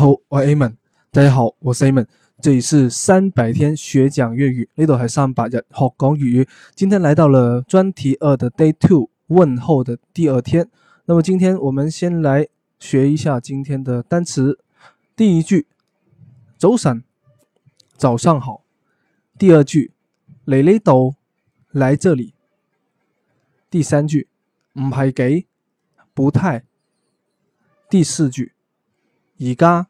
好，我 Amen，大家好，我是 Amen，這裏是三百天學講粵語，呢度係三百日學講粵語，語，今天來到了專題二的 day two，問候的第二天，那麼今天我們先來學一下今天的單詞，第一句，早晨，早上好，第二句，嚟呢度，來這裏，第三句，唔係幾，不太，第四句，而家。